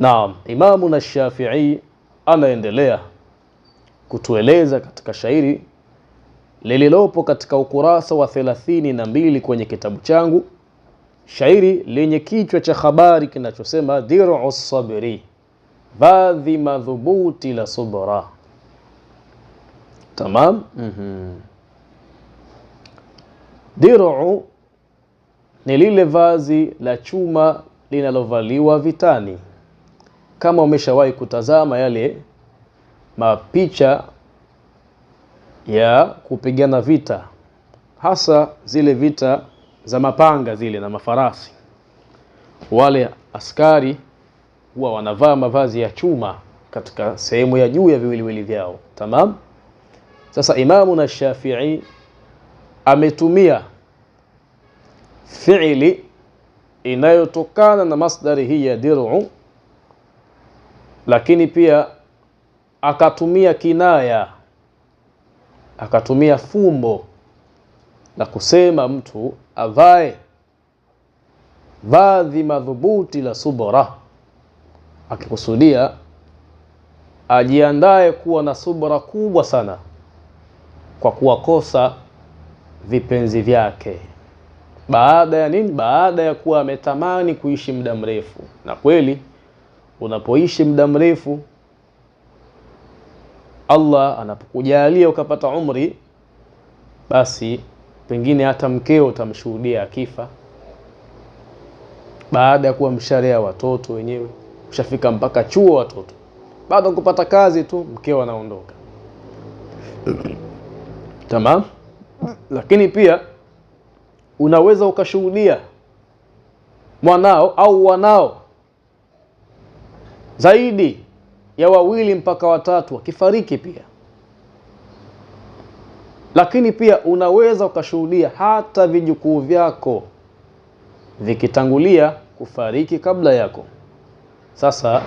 Naam, Imamu na Shafi'i anaendelea kutueleza katika shairi lililopo katika ukurasa wa thelathini na mbili kwenye kitabu changu, shairi lenye kichwa cha habari kinachosema diru sabri, vadhi madhubuti la subra. Tamam. mm -hmm. Diru ni lile vazi la chuma linalovaliwa vitani kama umeshawahi kutazama yale mapicha ya kupigana vita, hasa zile vita za mapanga zile na mafarasi, wale askari huwa wanavaa mavazi ya chuma katika sehemu ya juu ya viwiliwili vyao. Tamam. Sasa Imamu na Shafii ametumia fiili inayotokana na masdari hii ya diru lakini pia akatumia kinaya, akatumia fumbo la kusema mtu avae vazi madhubuti la subra, akikusudia ajiandae kuwa na subra kubwa sana kwa kuwakosa vipenzi vyake baada ya nini? Baada ya kuwa ametamani kuishi muda mrefu, na kweli unapoishi muda mrefu, Allah anapokujalia ukapata umri, basi pengine hata mkeo utamshuhudia akifa baada ya kuwa msharea watoto wenyewe, ushafika mpaka chuo watoto, baada kupata kazi tu mkeo anaondoka. Tamam, lakini pia unaweza ukashuhudia mwanao au wanao zaidi ya wawili mpaka watatu wakifariki pia. Lakini pia unaweza ukashuhudia hata vijukuu vyako vikitangulia kufariki kabla yako. Sasa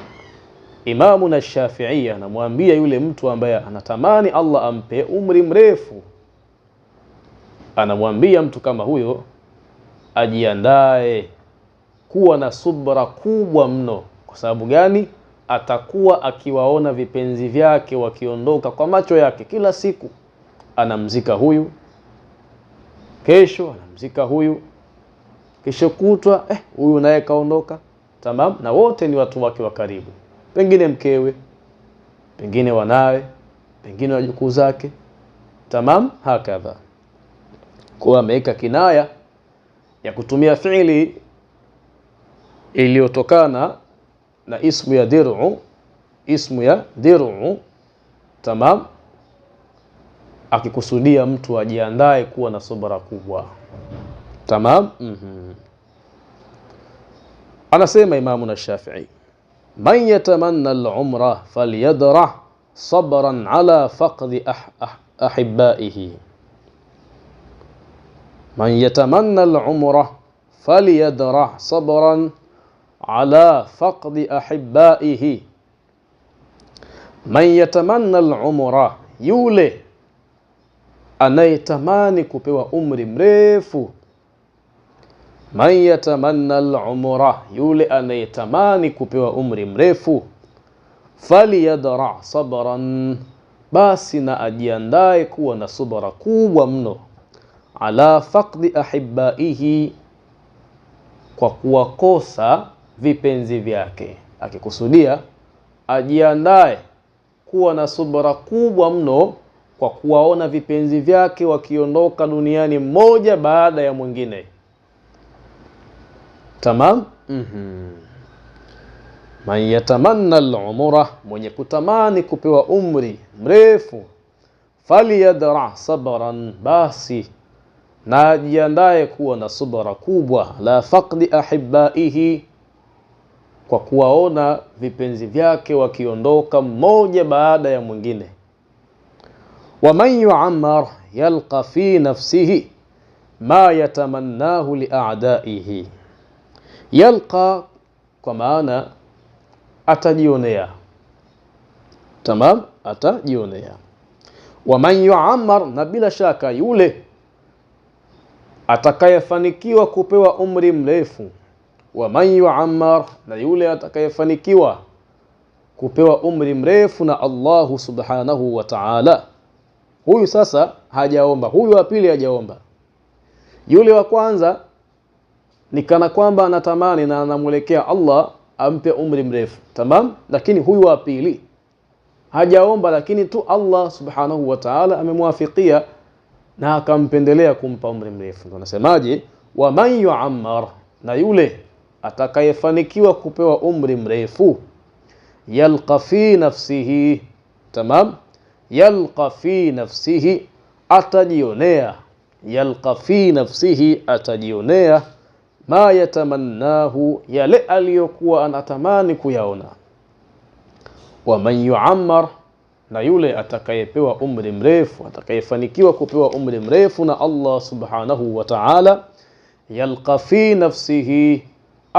Imamu na Shafiia anamwambia yule mtu ambaye anatamani Allah ampe umri mrefu, anamwambia mtu kama huyo ajiandae kuwa na subra kubwa mno. Kwa sababu gani? atakuwa akiwaona vipenzi vyake wakiondoka kwa macho yake. Kila siku anamzika huyu, kesho anamzika huyu, kesho kutwa eh, huyu naye kaondoka. Tamam, na wote ni watu wake wa karibu, pengine mkewe, pengine wanawe, pengine wajukuu zake. Tamam, hakadha kuwa ameweka kinaya ya kutumia fiili iliyotokana لا يا درع اسم يا درع تمام akikusudia mtu ajiandae kuwa na subra kubwa tamam mm -hmm. anasema imamu na shafii man yatamanna al-umra falyadra sabran ala faqdi ah, ah, ahibbaihi man yatamanna al-umra falyadra sabran ala faqdi ahibbaihi man yatamanna al yule anayetamani kupewa umri mrefu. Man yatamanna al yule anayetamani kupewa umri mrefu. Falyadra sabran, basi na ajiandae kuwa na subra kubwa mno. Ala faqdi ahibaihi kwa kuwakosa vipenzi vyake, akikusudia ajiandae kuwa na subra kubwa mno kwa kuwaona vipenzi vyake wakiondoka duniani mmoja baada ya mwingine. Tamam. mm -hmm. Man yatamanna al-umra, mwenye kutamani kupewa umri mrefu, falyadra sabran, basi na ajiandaye kuwa na subra kubwa, la faqdi ahibaihi kwa kuwaona vipenzi vyake wakiondoka mmoja baada ya mwingine. Waman yuammar yalqa fi nafsihi ma yatamannahu liadaihi, yalqa kwa maana atajionea. Tamam, atajionea. Waman yuammar, na bila shaka yule atakayefanikiwa kupewa umri mrefu wa man yuammar, na yule atakayefanikiwa kupewa umri mrefu na Allahu subhanahu wa ta'ala. Huyu sasa hajaomba, huyu wa pili hajaomba. Yule wa kwanza ni kana kwamba anatamani na anamwelekea Allah ampe umri mrefu, tamam. Lakini huyu wa pili hajaomba, lakini tu Allah subhanahu wa ta'ala amemwafikia na akampendelea kumpa umri mrefu. Ndio anasemaje, wa man yuammar, na yule atakayefanikiwa kupewa umri mrefu yalqa fi nafsihi tamam, yalqa fi nafsihi, atajionea yalqa fi nafsihi, atajionea ma yatamannahu, yale aliyokuwa anatamani kuyaona. Wa man yuammar, na yule atakayepewa umri mrefu, atakayefanikiwa kupewa umri mrefu na Allah subhanahu wa ta'ala, yalqa fi nafsihi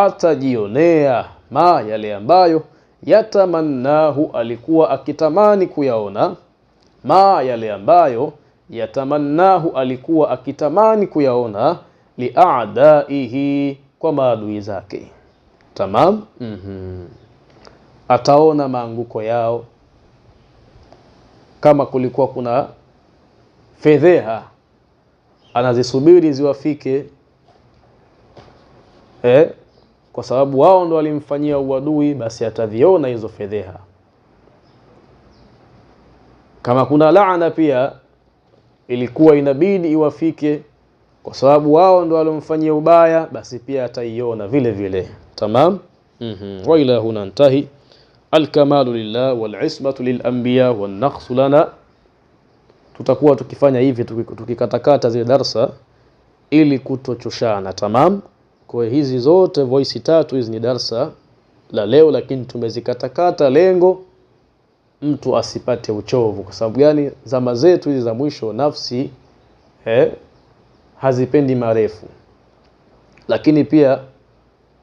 atajionea ma yale ambayo yatamannahu alikuwa akitamani kuyaona, ma yale ambayo yatamannahu alikuwa akitamani kuyaona, liadaihi, kwa maadui zake. Tamam. mm -hmm. Ataona maanguko yao, kama kulikuwa kuna fedheha anazisubiri ziwafike eh? kwa sababu wao ndo walimfanyia uadui, basi ataviona hizo fedheha. Kama kuna laana pia ilikuwa inabidi iwafike, kwa sababu wao ndo walimfanyia ubaya, basi pia ataiona vile vile. Tamam. mm -hmm. wa ila huna ntahi alkamalu lillah walismatu lilambiya wannaqsu lana. Tutakuwa tukifanya hivi tukikatakata zile darsa ili kutochoshana. Tamam. Kwa hizi zote voisi tatu hizi ni darsa la leo, lakini tumezikatakata lengo mtu asipate uchovu. Kwa sababu gani? Zama zetu hizi za mwisho nafsi eh, hazipendi marefu, lakini pia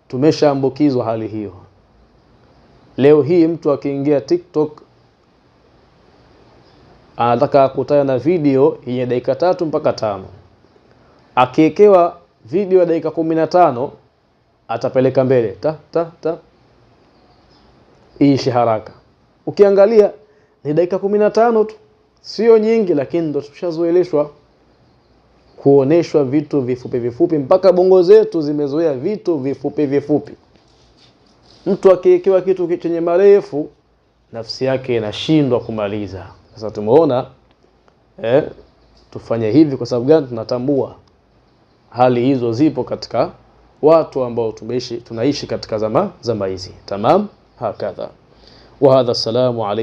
tumeshaambukizwa hali hiyo. Leo hii mtu akiingia TikTok anataka kukutana na video yenye dakika tatu mpaka tano, akiwekewa video ya dakika kumi na tano atapeleka mbele ta ta ta, iishe haraka. Ukiangalia ni dakika kumi na tano tu, sio nyingi, lakini ndo tushazoeleshwa kuoneshwa vitu vifupi vifupi, mpaka bongo zetu zimezoea vitu vifupi vifupi. Mtu akiwekewa kitu chenye marefu, nafsi yake inashindwa kumaliza. Sasa tumeona eh, tufanye hivi kwa sababu gani? Tunatambua hali hizo zipo katika watu ambao tumeishi tunaishi katika zama zama hizi. Tamam, hakadha wa hadha. salamu alaykum.